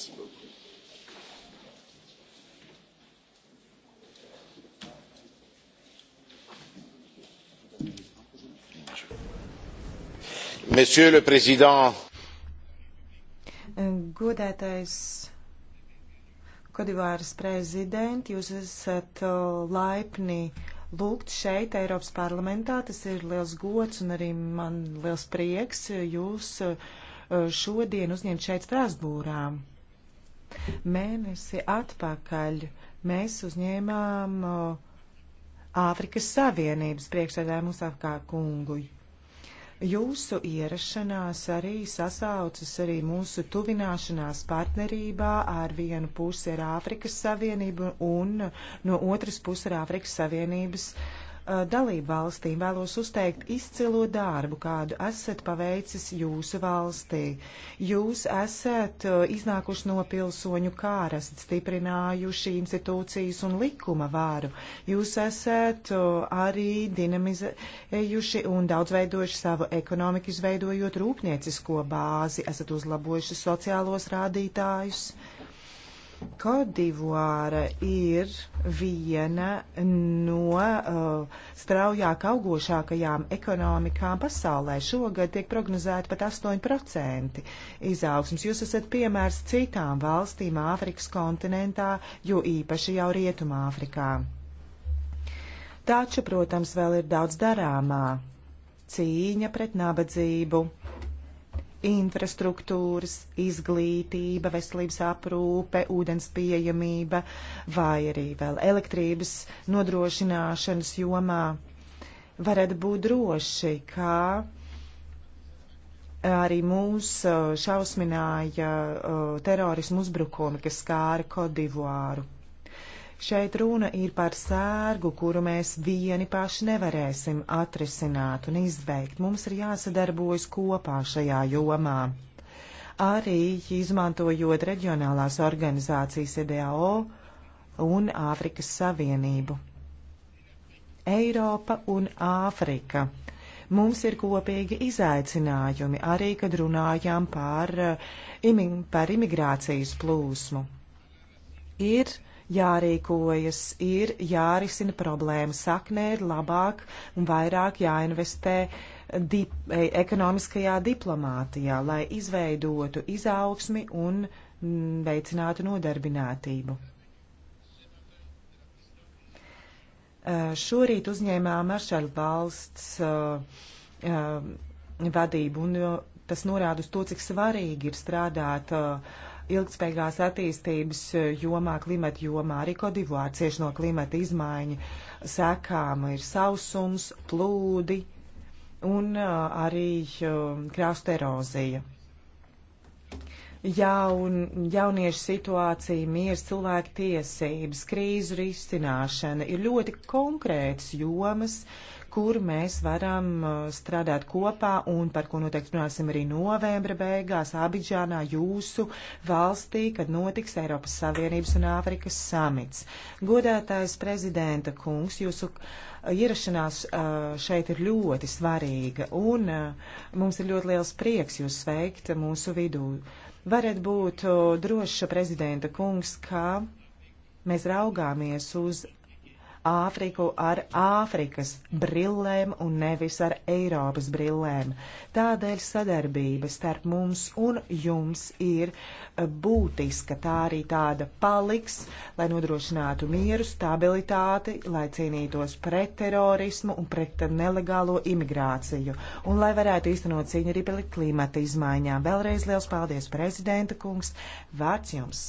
Merci beaucoup. Monsieur le Président, Godētais Kodivāras prezident, jūs esat uh, laipni lūgt šeit Eiropas parlamentā. Tas ir liels gods un arī man liels prieks jūs uh, šodien uzņemt šeit Strasbūrā. Mēnesi atpakaļ mēs uzņēmām Āfrikas Savienības priekšsēdētāju Musafkā kungu. Jūsu ierašanās arī sasaucas arī mūsu tuvināšanās partnerībā ar vienu pusi ar Āfrikas Savienību un no otras puses ar Āfrikas Savienības uh, Uh, dalību valstīm vēlos uzteikt izcilo darbu, kādu esat paveicis jūsu valstī. Jūs esat uh, iznākuši no pilsoņu kāra, esat stiprinājuši institūcijas un likuma vāru. Jūs esat uh, arī dinamizējuši un daudzveidojuši savu ekonomiku, izveidojot rūpniecisko bāzi, esat uzlabojuši sociālos rādītājus. Kodivāra ir viena no uh, straujāk augošākajām ekonomikām pasaulē. Šogad tiek prognozēta pat 8% izaugsmas. Jūs esat piemērs citām valstīm Āfrikas kontinentā, jo īpaši jau Rietumā Āfrikā. Taču, protams, vēl ir daudz darāmā. Cīņa pret nabadzību, infrastruktūras, izglītība, veselības aprūpe, ūdens pieejamība vai arī vēl elektrības nodrošināšanas jomā. Varat būt droši, ka arī mūs uh, šausmināja uh, terorismu uzbrukumi, kas skāra Kodivāru. Šeit runa ir par sērgu, kuru mēs vieni paši nevarēsim atrisināt un izveikt. Mums ir jāsadarbojas kopā šajā jomā. Arī izmantojot reģionālās organizācijas EDAO un Āfrikas Savienību. Eiropa un Āfrika. Mums ir kopīgi izaicinājumi, arī kad runājām par, eh, par imigrācijas plūsmu. Ir uh, jārīkojas, ir jārisina problēma saknē, ir labāk un vairāk jāinvestē dip e, ekonomiskajā diplomātijā, lai izveidotu izaugsmi un veicinātu nodarbinātību. E, šorīt uzņēmām Maršaļu valsts uh, uh, vadību, un tas norāda uz to, cik svarīgi ir strādāt uh, ilgspējīgās attīstības eh, jomā, klimata jomā. Arī Kodivāra cieši no klimata izmaiņu sekām ir sausums, plūdi un eh, arī eh, krāstu erozija. Jaun, jauniešu situācija, miers, cilvēku tiesības, krīzu risināšana ir ļoti konkrētas jomas, uh, kur mēs varam uh, strādāt kopā un par ko noteikti runāsim arī novembra beigās Abidžānā jūsu valstī, kad notiks Eiropas Savienības un Āfrikas samits. Godētājs prezidenta kungs, jūsu uh, ierašanās uh, šeit ir ļoti svarīga un mums ir ļoti liels prieks jūs sveikt mūsu vidū. Varat būt droša prezidenta kungs, ka mēs raugāmies uz Āfriku ar Āfrikas brillēm un nevis ar Eiropas brillēm. Tādēļ sadarbība starp mums un jums ir eh, būtiska. Tā arī tāda paliks, lai nodrošinātu mieru, stabilitāti, lai cīnītos pret terorismu un pret nelegālo imigrāciju un lai varētu īstenot cīņu arī pret klimata izmaiņām. Vēlreiz liels paldies, prezidenta kungs! Vārds jums!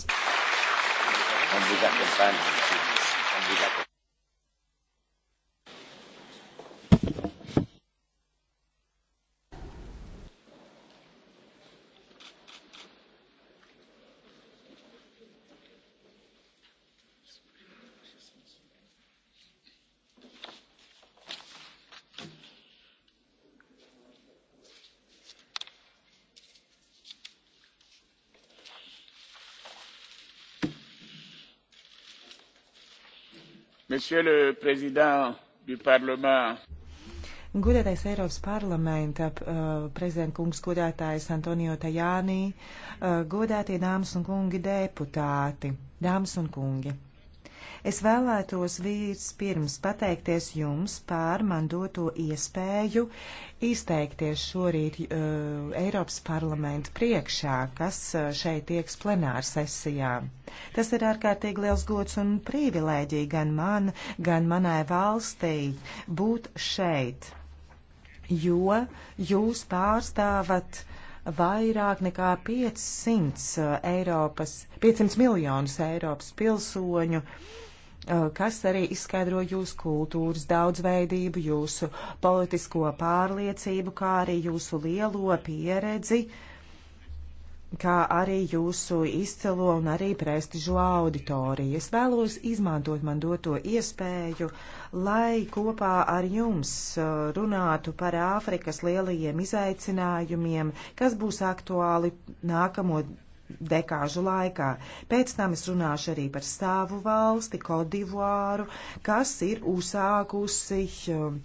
Un būs atkampaņa. Monsieur le Président du Parlement. Godētais Eiropas parlamenta uh, prezidentkungs, godētājs Antonio Tajānī, uh, godētie dāmas un kungi deputāti, dāmas un kungi. Es vēlētos vispirms pateikties jums par man doto iespēju izteikties šorīt uh, Eiropas parlamenta priekšā, kas uh, šeit tieks plenāra sesijā. Tas ir ārkārtīgi liels gods un privilēģija gan man, gan manai valstī būt šeit, jo jūs pārstāvat uh, vairāk nekā 500, uh, Eiropas, 500 miljonus Eiropas pilsoņu. Uh, Eh, kas arī izskaidro jūsu kultūras daudzveidību, jūsu politisko pārliecību, kā arī jūsu lielo pieredzi, kā arī jūsu izcilo un arī prestižo auditoriju. Es vēlos izmantot man doto iespēju, lai kopā ar jums eh, runātu par Āfrikas lielajiem izaicinājumiem, kas būs aktuāli nākamo dekāžu laikā. Pēc tam es runāšu arī par savu valsti, Kodivāru, kas ir uzsākusi um,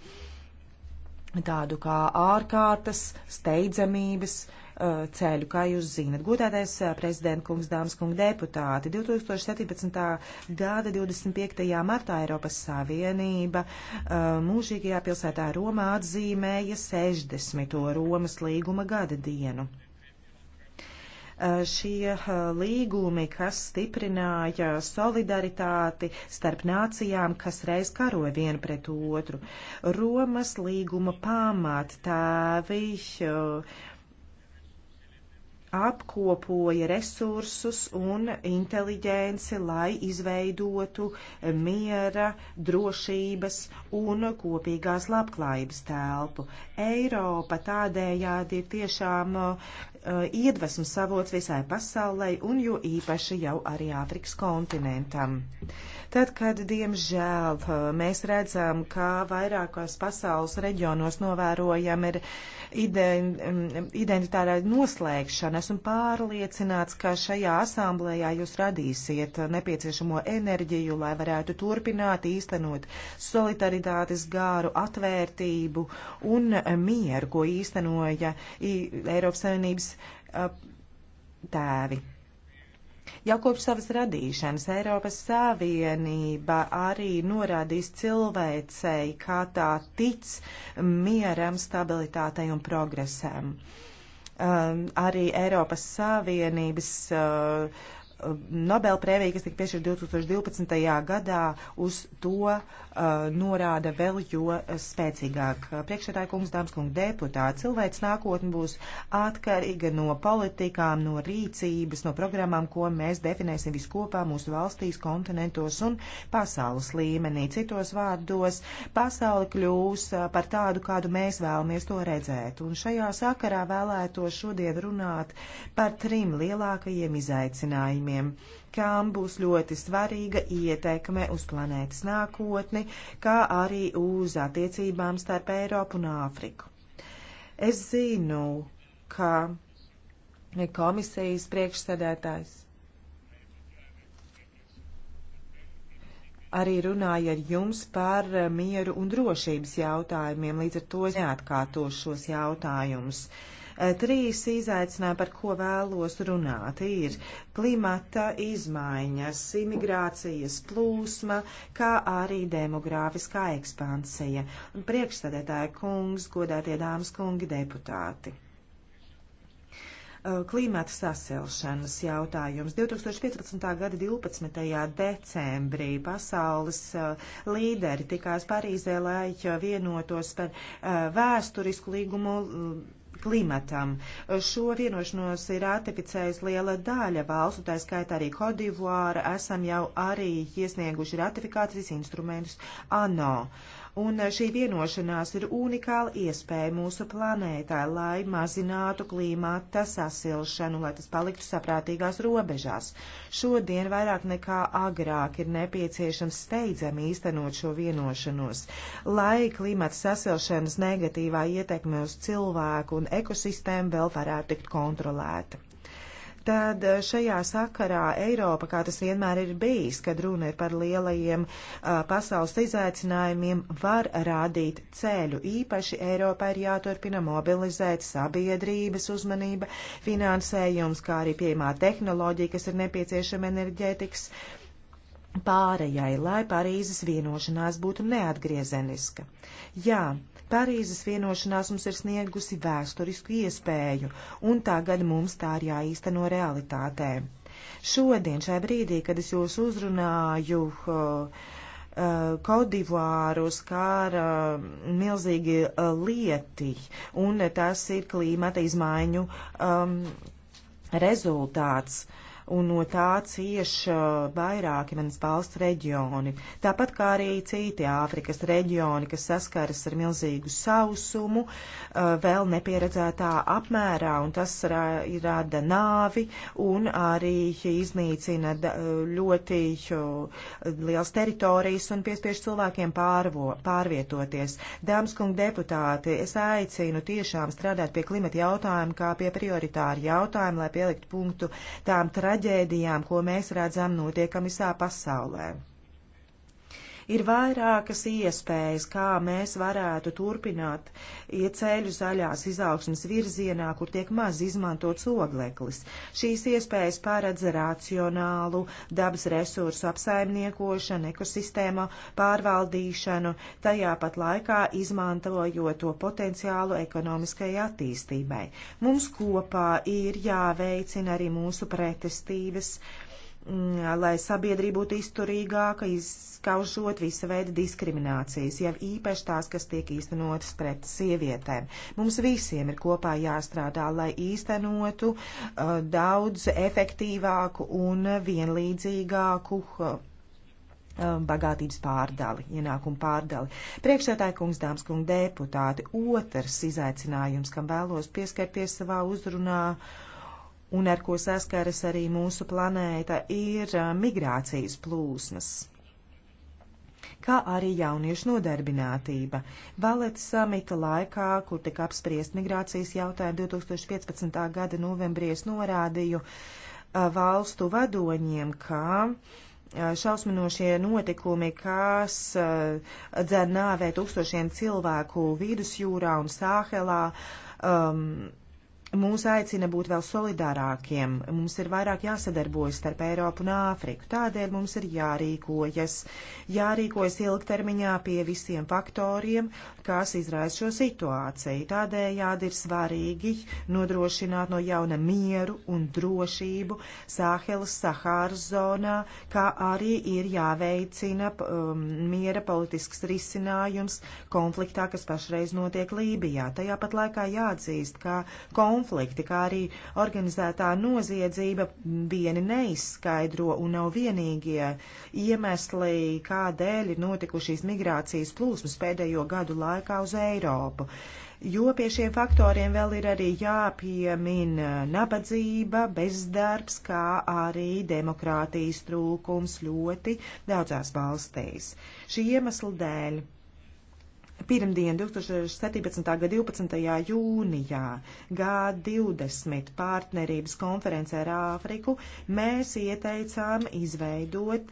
tādu kā ārkārtas steidzamības uh, ceļu, kā jūs zinat. Godātais uh, prezidenta kungs, dāmas kungi deputāti, 2017. gada 25. martā Eiropas Savienība uh, mūžīgajā pilsētā Romā atzīmēja 60. Romas līguma gada dienu. Eh, šie eh, līgumi, kas stiprināja solidaritāti starp nācijām, kas reiz karoja viena pret otru. Romas līguma pamātēvi apkopoja resursus un inteliģenci, lai izveidotu miera, drošības un kopīgās labklājības telpu. Eiropa tādējādi ir tiešām uh, iedvesmas savots visai pasaulē un jo īpaši jau arī Āfrikas kontinentam. Tad, kad, diemžēl, eh, mēs redzam, ka vairākos pasaules reģionos novērojam ir uh, Mm, identitārā noslēgšana. Esmu pārliecināts, ka šajā asamblējā jūs radīsiet nepieciešamo enerģiju, lai varētu turpināt īstenot solidaritātes gāru, atvērtību un mieru, ko īstenoja Eiropas Savienības tēvi. Jau kopš savas radīšanas Eiropas Savienība arī norādīs cilvēcei, kā tā tic mieram, stabilitātei un progresam um, arī Eiropas Savienības uh, Nobela prēmija, kas tika piešķirta 2012. gadā, uz to uh, norāda vēl jo spēcīgāk. Priekšsēdāja kungs, dāmas kungi, deputāti, cilvēks nākotni būs atkarīga no politikām, no rīcības, no programmām, ko mēs definēsim viskopā mūsu valstīs, kontinentos un pasaules līmenī. Citos vārdos, pasauli kļūs uh, par tādu, kādu mēs vēlamies to redzēt. Un šajā sakarā vēlētos šodien runāt par trim lielākajiem izaicinājumiem pasākumiem, kam būs ļoti svarīga ietekme uz planētas nākotni, kā arī uz attiecībām starp Eiropu un Āfriku. Es zinu, ka komisijas priekšsēdētājs arī runāja ar jums par mieru un drošības jautājumiem, līdz ar to es neatkārtošu šos jautājumus. Uh, Eh, trīs izaicinājumi, par ko vēlos runāt, ir klimata izmaiņas, imigrācijas plūsma, kā arī demogrāfiskā ekspansija. Priekšstādētāja kungs, godātie dāmas kungi deputāti eh, klimata sasilšanas jautājums. 2015. gada 12. decembrī pasaules eh, līderi tikās Parīzē, lai vienotos par vēsturisku līgumu klimatam. Šo vienošanos ir ratificējusi liela daļa valstu, tā skaitā arī Kodivāra. Esam jau arī iesnieguši ratifikācijas instrumentus ANO. Uh, Un šī vienošanās ir unikāla iespēja mūsu planētā, lai mazinātu klimata sasilšanu, lai tas paliktu saprātīgās robežās. Šodien vairāk nekā agrāk ir nepieciešams steidzami īstenot šo vienošanos, lai klimata sasilšanas negatīvā ietekme uz cilvēku un ekosistēmu vēl varētu tikt kontrolēta tad eh, šajā sakarā Eiropa, kā tas vienmēr ir bijis, kad runa ir par lielajiem a, eh, pasaules izaicinājumiem, var rādīt ceļu. Īpaši Eiropā ir jāturpina mobilizēt sabiedrības uzmanība, finansējums, kā arī pieejamā tehnoloģija, kas ir nepieciešama enerģētikas pārējai, lai Parīzes vienošanās būtu neatgriezeniska. Jā, Parīzes vienošanās mums ir sniegusi vēsturisku iespēju, un tagad mums tā ir jāīsteno realitātē. Šodien, šai brīdī, kad es jūs uzrunāju, uh, uh Kodivāru skāra milzīgi uh, lieti, un tas ir klīmata izmaiņu um, rezultāts. Uh, un no tā cieš vairāki manas valsts reģioni. Tāpat kā arī citi Āfrikas reģioni, kas saskaras ar milzīgu sausumu, vēl nepieredzētā apmērā, un tas rada nāvi un arī iznīcina ļoti liels teritorijas un piespiež cilvēkiem pārvo, pārvietoties. Dāmas kungi deputāti, es aicinu tiešām strādāt pie klimata jautājuma kā pie prioritāra jautājuma, lai pieliktu punktu tām traģēdām traģēdijām, ko mēs redzam notiekam visā pasaulē. Ir vairākas iespējas, kā mēs varētu turpināt iet ceļu zaļās izaugsmas virzienā, kur tiek maz izmantots ogleklis. Šīs iespējas paredz racionālu dabas resursu apsaimniekošanu, ekosistēma pārvaldīšanu, tajā pat laikā izmantojot to potenciālu ekonomiskai attīstībai. Mums kopā ir jāveicina arī mūsu pretestības. Uh, lai sabiedrība būtu izturīgāka, izskaužot visa veida diskriminācijas, jau īpaši tās, kas tiek īstenotas pret sievietēm. Mums visiem ir kopā jāstrādā, lai īstenotu uh, daudz efektīvāku un vienlīdzīgāku. Uh, um, bagātības pārdali, ienākumu pārdali. Priekšsētāji kungs, dāmas kungi deputāti, otrs izaicinājums, kam vēlos pieskarties savā uzrunā, uh, un ar ko saskaras arī mūsu planēta, ir migrācijas plūsmas kā arī jauniešu nodarbinātība. Valeta samita laikā, kur tika apspriest migrācijas jautājumu 2015. gada novembrī, es norādīju valstu vadoņiem, ka šausminošie notikumi, kas dzer nāvē tūkstošiem cilvēku vidusjūrā un Sāhelā, um, mūs aicina būt vēl solidārākiem, mums ir vairāk jāsadarbojas starp Eiropu un Āfriku. Tādēļ mums ir jārīkojas, jārīkojas ilgtermiņā pie visiem faktoriem, kas izraisa šo situāciju. Tādējādi ir svarīgi nodrošināt no jauna mieru un drošību Sāhelas Sahāras zonā, kā arī ir jāveicina um, miera politisks risinājums konfliktā, kas pašreiz notiek Lībijā. Tajā pat laikā jāatzīst, ka konflikts konflikti, kā arī organizētā noziedzība vieni neizskaidro un nav vienīgie iemesli, kādēļ ir notikušas migrācijas plūsmas pēdējo gadu laikā uz Eiropu. Jo pie šiem faktoriem vēl ir arī jāpiemina nabadzība, bezdarbs, kā arī demokrātijas trūkums ļoti daudzās valstīs. Šī iemesla dēļ Pirmdien, 2017. gada 12. jūnijā, G20 partnerības konferencē ar Āfriku, mēs ieteicām izveidot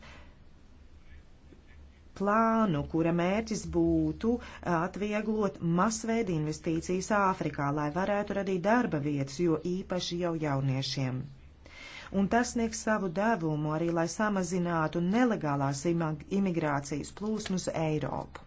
plānu, kura mērķis būtu atvieglot masveidu investīcijas Āfrikā, lai varētu radīt darba vietas, jo īpaši jau jauniešiem. Un tas sniegs savu devumu arī, lai samazinātu nelegālās imigrācijas plūsmas Eiropu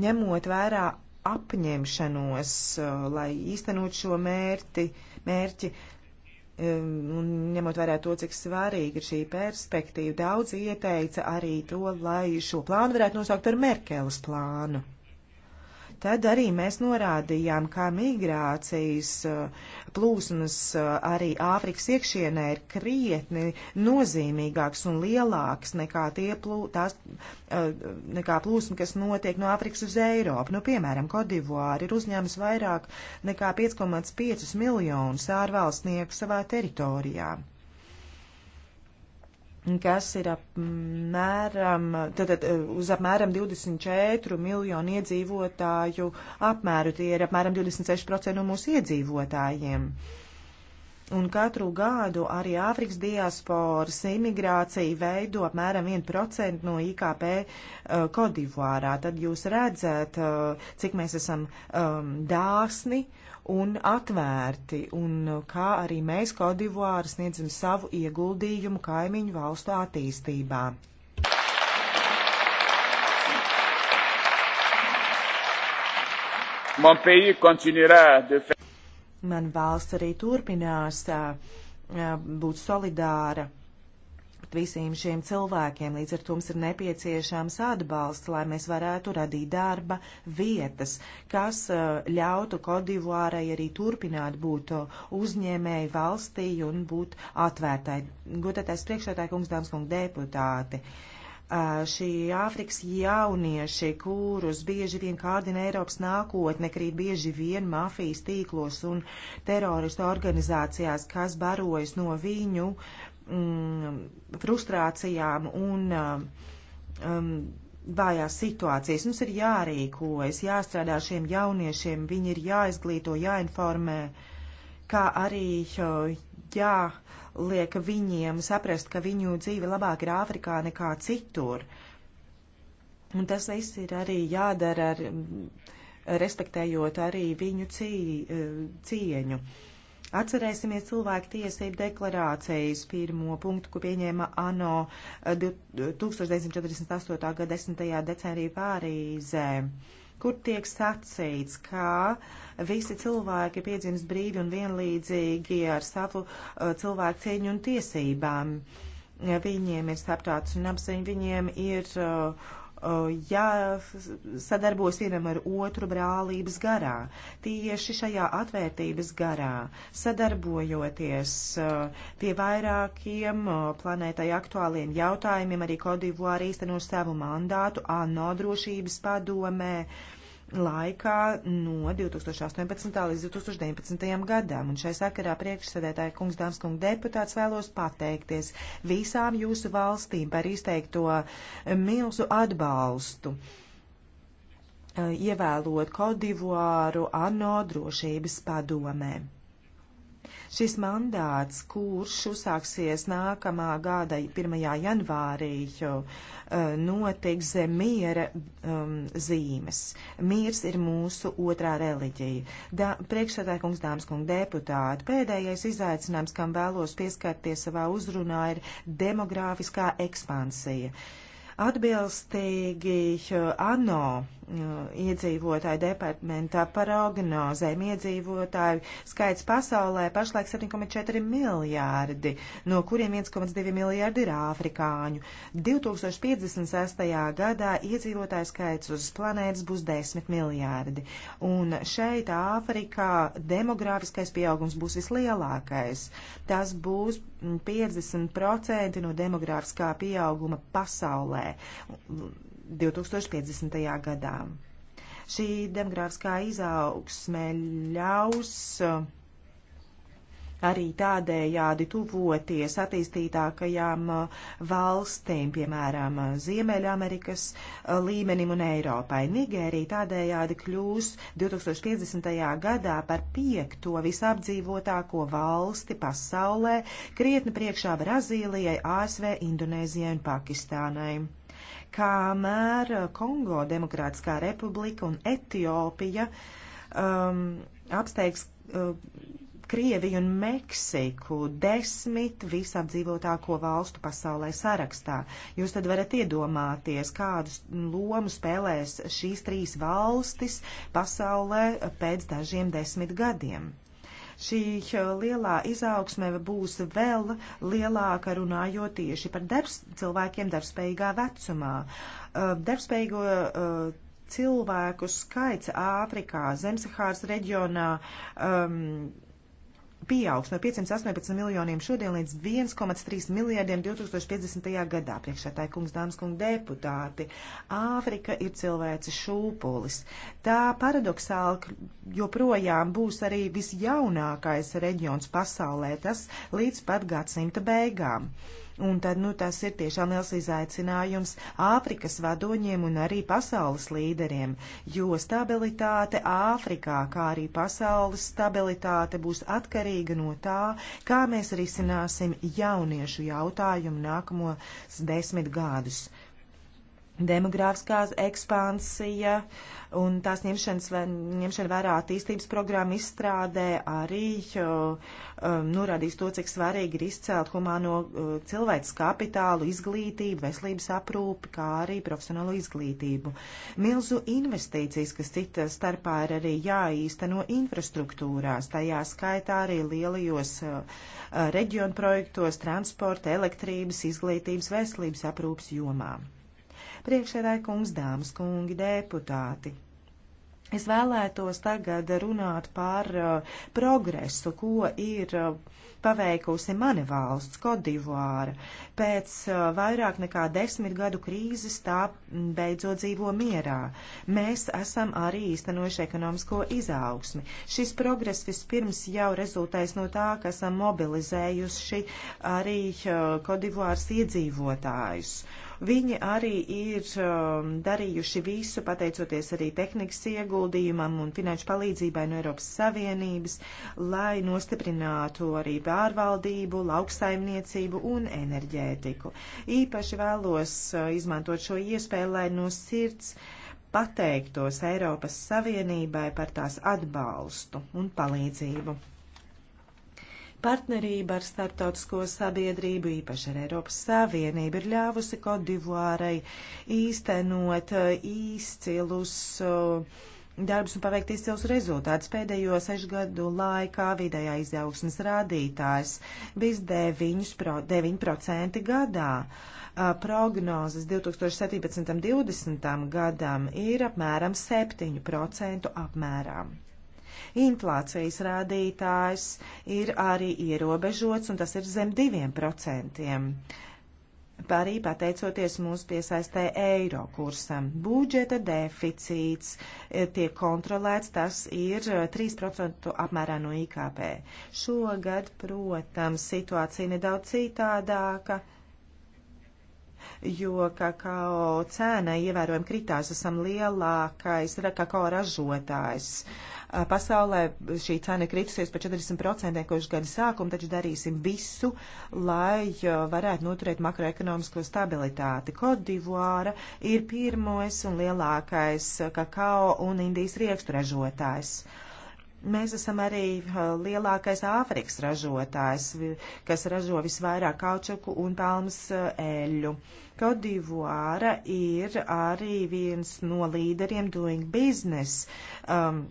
ņemot vērā apņemšanos, eh, lai īstenot šo mērķi, mērķi um, un ņemot vērā to, cik svarīga ir šī perspektīva, daudz ieteica arī to, lai šo plānu varētu nosaukt par Merkeles plānu. Tad arī mēs norādījām, kā migrācijas eh, plūsmas eh, arī Āfrikas iekšienē ir krietni nozīmīgāks un lielāks nekā, tie plū, tās, eh, nekā plūsma, kas notiek no Āfrikas uz Eiropu. Nu, piemēram, Kodivāri ir uzņēmis vairāk nekā 5,5 miljonus ārvalstnieku savā teritorijā kas ir apmēram, tātad eh, uz apmēram 24 miljonu iedzīvotāju apmēru, tie ir apmēram 26% no mūsu iedzīvotājiem. Un katru gadu arī Āfrikas diasporas imigrācija veido apmēram 1% no IKP uh, eh, Kodivārā. Tad jūs redzat, uh, cik mēs esam um, dāsni uh, un atvērti, un kā arī mēs Kodivāru sniedzam savu ieguldījumu kaimiņu valstu attīstībā. Man valsts arī turpinās būt solidāra visiem šiem cilvēkiem. Līdz ar to mums ir nepieciešams atbalsts, lai mēs varētu radīt darba vietas, kas uh, ļautu Kodivārai arī turpināt būt uh, uzņēmēji valstī un būt atvērtai. Godātais priekšētāji, kungs, dāmas, kungi, deputāti. Uh, šī Āfrikas jaunieši, kurus bieži vien kārdina Eiropas nākotne, krīt bieži vien mafijas tīklos un teroristu organizācijās, kas barojas no viņu uh, mm, frustrācijām un uh, um, vājās situācijas. Mums ir jārīkojas, jāstrādā šiem jauniešiem, viņi ir jāizglīto, jāinformē, kā arī uh, jāliek viņiem saprast, ka viņu dzīve labāk ir Āfrikā nekā citur. Un tas viss ir arī jādara, ar, mm, respektējot arī viņu cī, uh, cieņu. Uh, Atcerēsimies cilvēku tiesību deklarācijas pirmo punktu, ko pieņēma ANO 1948. Eh, gada 10. decembrī Pārīzē, kur tiek sacīts, ka visi cilvēki piedzims brīvi un vienlīdzīgi ar savu eh, cilvēku cieņu un tiesībām. Viņiem ir saprāts un apziņa, viņiem ir uh, Eh, ja sadarbos vienam ar otru brālības garā, tieši šajā atvērtības garā, sadarbojoties eh, pie vairākiem eh, planētai aktuāliem jautājumiem, arī Kodivua arī īsteno savu mandātu ANO drošības padomē laikā no 2018. līdz 2019. gadam. Un šai sakarā priekšsēdētāja kungs, dāmas kungi deputāts vēlos pateikties visām jūsu valstīm par izteikto milzu atbalstu. Ievēlot Kodivuāru ANO drošības padomē. Šis mandāts, kurš uzsāksies nākamā gada 1. janvārī, e, notiks zem miera um, zīmes. Mīrs ir mūsu otrā reliģija. Da, priekšsēdētājs, dāmas un deputāti, pēdējais izaicinājums, kam vēlos pieskarties savā uzrunā, ir demogrāfiskā ekspansija. Uh, atbilstīgi eh, ANO eh, iedzīvotāju departamentā paragnozēm iedzīvotāju skaits pasaulē pašlaik 7,4 miljārdi, no kuriem 1,2 miljārdi ir āfrikāņu. 2056. gadā iedzīvotāju skaits uz planētas būs 10 miljārdi, un šeit Āfrikā demogrāfiskais pieaugums būs vislielākais. Tas būs 50% no demogrāfiskā pieauguma pasaulē pasaulē 2050. gadā. Šī demogrāfiskā izaugsme ļaus uh, arī tādējādi tuvoties attīstītākajām uh, valstīm, piemēram, uh, Ziemeļamerikas līmenim un Eiropai. Nigērija tādējādi kļūs 2050. gadā par piekto visapdzīvotāko valsti pasaulē, krietni priekšā Brazīlijai, ASV, Indonēzijai un Pakistānai kamēr eh, Kongo Demokrātiskā republika un Etiopija um, apsteigs uh, Krieviju un Meksiku desmit visapdzīvotāko valstu pasaulē sarakstā. Jūs tad varat iedomāties, kādu lomu spēlēs šīs trīs valstis pasaulē eh, pēc dažiem desmit gadiem. Šī eh, lielā izaugsme būs vēl lielāka runājot tieši par darbs, cilvēkiem darbspējīgā vecumā. Eh, darbspējīgo eh, cilvēku skaits Āfrikā, Zemsahāras reģionā. Um, pieaugs no 518 miljoniem šodien līdz 1,3 miljardiem 2050. gadā. Priekšētāji kungs, dāmas kungi, deputāti, Āfrika ir cilvēces šūpulis. Tā paradoxāli joprojām būs arī visjaunākais reģions pasaulē, tas līdz pat gadsimta beigām. Un tad, nu, tas ir tiešām liels izaicinājums Āfrikas vadoņiem un arī pasaules līderiem, jo stabilitāte Āfrikā, kā arī pasaules stabilitāte būs atkarīga no tā, kā mēs risināsim jauniešu jautājumu nākamos desmit gadus demogrāfiskās ekspansija un tās ņemšanas, ņemšana vērā attīstības programma izstrādē arī um, norādīs to, cik svarīgi ir izcelt humāno uh, cilvēks kapitālu, izglītību, veselības aprūpi, kā arī profesionālo izglītību. Milzu investīcijas, kas cita starpā ir arī jāīsteno infrastruktūrās, tajā skaitā arī lielajos uh, reģionu projektos, transporta, elektrības, izglītības, veselības aprūpas jomām. Priekšsēdētāji kungs, dāmas kungi, deputāti. Es vēlētos tagad runāt par uh, progresu, ko ir uh, paveikusi mana valsts, Kodivāra. Pēc uh, vairāk nekā desmit gadu krīzes tā beidzot dzīvo mierā. Mēs esam arī īstenojuši ekonomisko izaugsmi. Šis progress vispirms jau rezultēs no tā, ka esam mobilizējuši arī uh, Kodivāras iedzīvotājus. Uh, Viņi arī ir um, darījuši visu, pateicoties arī tehnikas ieguldījumam un finanšu palīdzībai no Eiropas Savienības, lai nostiprinātu arī pārvaldību, lauksaimniecību un enerģētiku. Īpaši vēlos uh, izmantot šo iespēju, lai no sirds pateiktos Eiropas Savienībai par tās atbalstu un palīdzību. Partnerība ar starptautisko sabiedrību, īpaši ar Eiropas Savienību, ir ļāvusi Kodivārai īstenot uh, izcilus uh, darbus un paveikt izcilus rezultātus. Pēdējo sešu gadu laikā vidējā izaugsmas rādītājs bijis 9% gadā. Uh, prognozes 2017. un 2020. gadam ir apmēram 7% apmērām. Inflācijas rādītājs ir arī ierobežots, un tas ir zem diviem procentiem. Arī pateicoties mūsu piesaistē eiro kursam, budžeta deficīts eh, tiek kontrolēts, tas ir 3% eh, apmērā no IKP. Šogad, protams, situācija nedaudz citādāka jo kakao cēna ievērojami kritās, esam lielākais kakao ražotājs pasaulē šī cena kritusies par 40% kopš gada sākuma, taču darīsim visu, lai varētu noturēt makroekonomisko stabilitāti. Kodivāra ir pirmais un lielākais kakao un Indijas riekstu ražotājs. Mēs esam arī lielākais Āfrikas ražotājs, kas ražo visvairāk kaučaku un palmas eļu. Kodivāra ir arī viens no līderiem Doing Business. Um,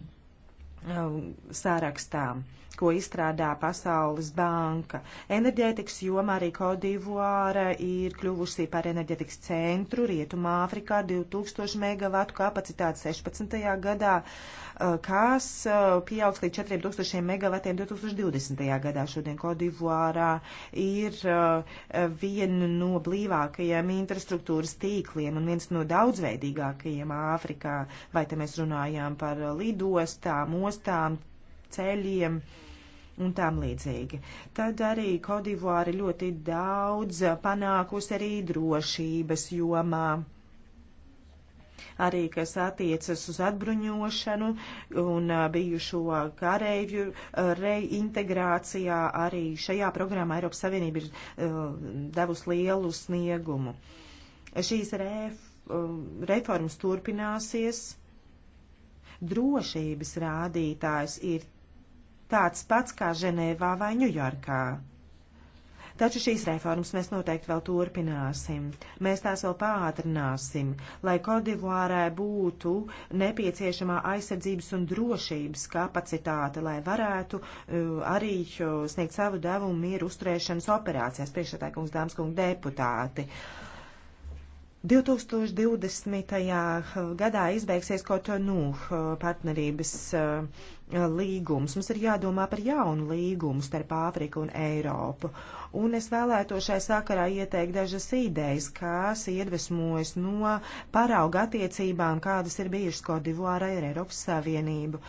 Um, sarakstām ko izstrādā Pasaules banka. Enerģētikas jomā arī Kodivāra ir kļuvusi par enerģētikas centru Rietumā Āfrikā 2000 megavatu kapacitāti 16. gadā, eh, kas eh, pieaugs līdz 4000 megavatiem 2020. gadā. Šodien Kodivārā ir eh, viena no blīvākajiem infrastruktūras tīkliem un viens no daudzveidīgākajiem Āfrikā. Vai te mēs runājām par lidostām, ostām, ceļiem un tam līdzīgi. Tad arī Kodivāri ļoti daudz panākusi arī drošības jomā. Arī kas attiecas uz atbruņošanu un bijušo kareivju reintegrācijā, arī šajā programmā Eiropas Savienība ir uh, devusi lielu sniegumu. Šīs ref, uh, reformas turpināsies drošības rādītājs ir tāds pats kā Ženēvā vai Ņujorkā. Taču šīs reformas mēs noteikti vēl turpināsim. Mēs tās vēl pātrināsim, lai Kodivārē būtu nepieciešamā aizsardzības un drošības kapacitāte, lai varētu uh, arī uh, sniegt savu devumu mieru uzturēšanas operācijās priekšsētākums dāmskungu deputāti. 2020. gadā izbeigsies Kotonu uh, partnerības uh, Eh, līgums. Mums ir jādomā par jaunu līgumu starp Āfriku un Eiropu. Un es vēlēto šai sakarā ieteikt dažas idejas, kas iedvesmojas no parauga attiecībām, kādas ir bijušas Kodivārā ar Eiropas Savienību.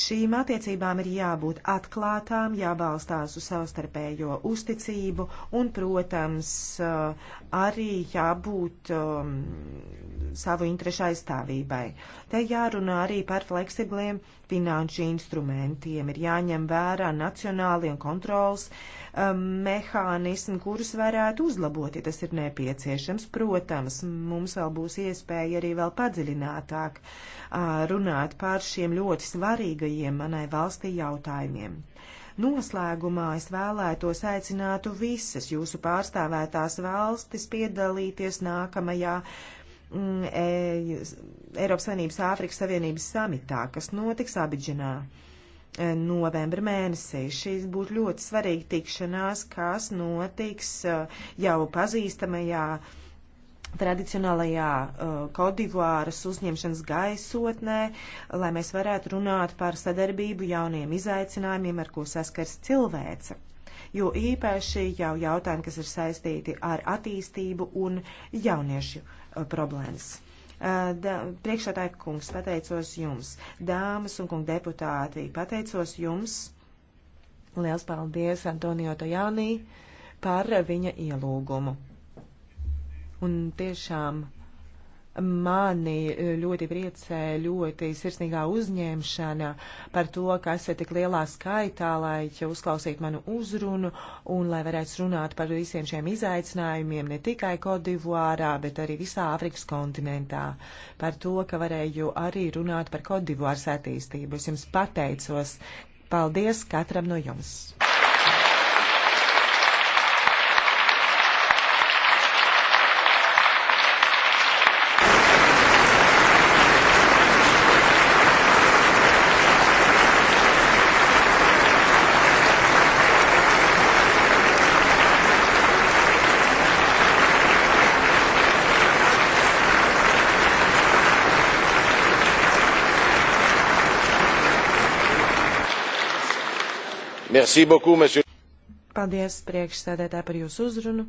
Šīm attiecībām ir jābūt atklātām, jābalstās uz savstarpējo uzticību un, protams, eh, arī jābūt um, savu interešu aizstāvībai. Te jārunā arī par fleksibliem finanšu instrumentiem. Ir jāņem vērā nacionāli un kontrols um, mehānismi, kurus varētu uzlabot, ja tas ir nepieciešams. Protams, mums vēl būs iespēja arī vēl padziļinātāk uh, runāt par šiem ļoti svarīgajiem manai valstī jautājumiem. Noslēgumā es vēlētos aicināt visas jūsu pārstāvētās valstis piedalīties nākamajā Mm, e, Eiropas Savienības Āfrikas Savienības samitā, kas notiks Abidžanā e, novembra mēnesī. Šīs būtu ļoti svarīga tikšanās, kas notiks e, jau pazīstamajā tradicionālajā Kodivāras uzņemšanas gaisotnē, lai mēs varētu runāt par sadarbību jauniem izaicinājumiem, ar ko saskars cilvēce jo īpaši jau jautājumi, kas ir saistīti ar attīstību un jauniešu Uh, problēmas. Uh, Priekšsētāji kungs, pateicos jums. Dāmas un kungi deputāti, pateicos jums. Liels paldies Antonio Tajānī par viņa ielūgumu. Un tiešām Mani ļoti priecē ļoti sirsnīgā uzņemšana par to, ka esat tik lielā skaitā, lai uzklausītu manu uzrunu un lai varētu runāt par visiem šiem izaicinājumiem ne tikai Kodivārā, bet arī visā Afrikas kontinentā. Par to, ka varēju arī runāt par Kodivāras attīstību. Es jums pateicos. Paldies katram no jums! Merci beaucoup, monsieur. Paldies, priekšsēdētāji, par jūsu uzrunu.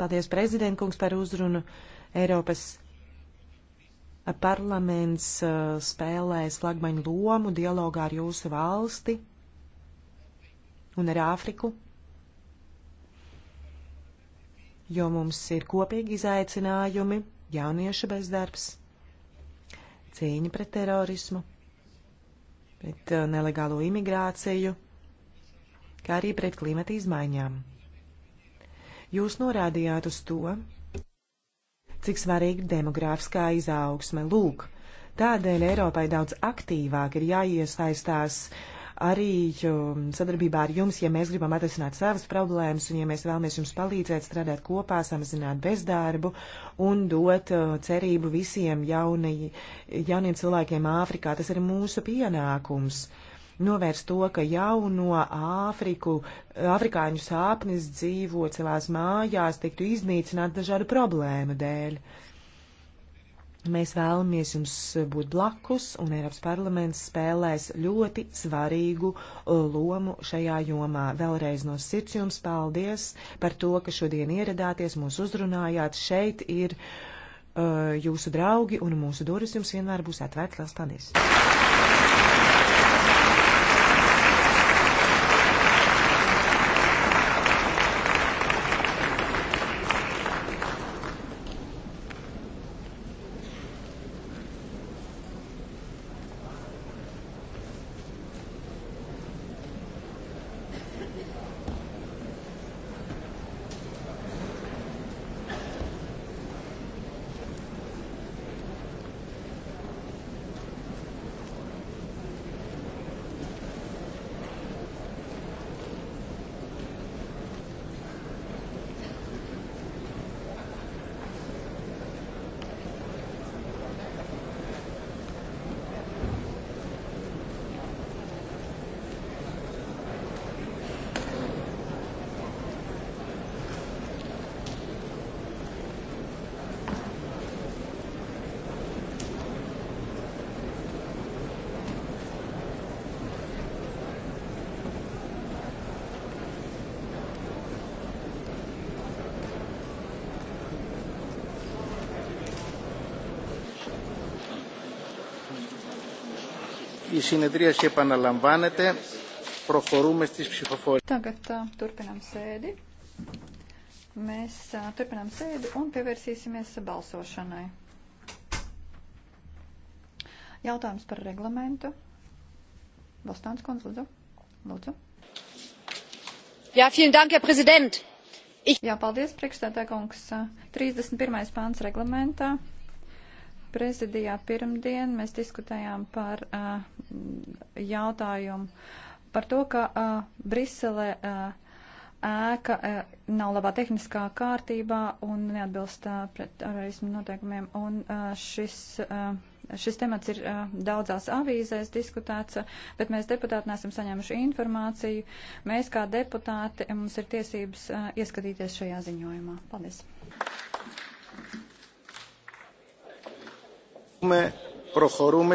Paldies, prezident kungs, par uzrunu. Eiropas parlaments uh, spēlē slagmaņu lomu dialogā ar jūsu valsti un ar Āfriku, jo mums ir kopīgi izaicinājumi - jauniešu bezdarbs, cīņa pret terorismu, pret uh, nelegālo imigrāciju kā arī pret klimata izmaiņām. Jūs norādījāt uz to, cik svarīga ir demogrāfiskā izaugsme. Lūk, tādēļ Eiropai daudz aktīvāk ir jāiesaistās arī um, sadarbībā ar jums, ja mēs gribam atrisināt savas problēmas un ja mēs vēlamies jums palīdzēt strādāt kopā, samazināt bezdarbu un dot uh, cerību visiem jauni, jauniem cilvēkiem Āfrikā. Tas ir mūsu pienākums. Uh, novērst to, ka jauno Āfriku, afrikāņu sāpnis dzīvot savās mājās, tiktu iznīcināt dažādu problēmu dēļ. Mēs vēlamies jums būt blakus, un Eiropas parlaments spēlēs ļoti svarīgu uh, lomu šajā jomā. Vēlreiz no sirds jums paldies par to, ka šodien ieradāties, mūs uzrunājāt. Šeit ir uh, jūsu draugi, un mūsu durvis jums vienmēr būs atvērtas. Paldies! συνεδρίαση επαναλαμβάνεται. Προχωρούμε στις ψηφοφορίες. Tagad uh, turpinām sēdi. Mēs uh, turpinām sēdi un pievērsīsimies balsošanai. Jautājums par reglamentu. Bostāns kundze, lūdzu. lūdzu. Jā, vielen dank, Herr Präsident. Ich... Jā, paldies, priekšstādā kungs. 31. pāns reglamentā Prezidijā pirmdien mēs diskutējām par uh, jautājumu par to, ka uh, Brisele uh, ēka uh, nav labā tehniskā kārtībā un neatbilst uh, pret terorismu noteikumiem. Un uh, šis. Uh, Šis temats ir uh, daudzās avīzēs diskutēts, bet mēs deputāti nesam saņēmuši informāciju. Mēs kā deputāti, mums ir tiesības uh, ieskatīties šajā ziņojumā. Paldies! Προχωρούμε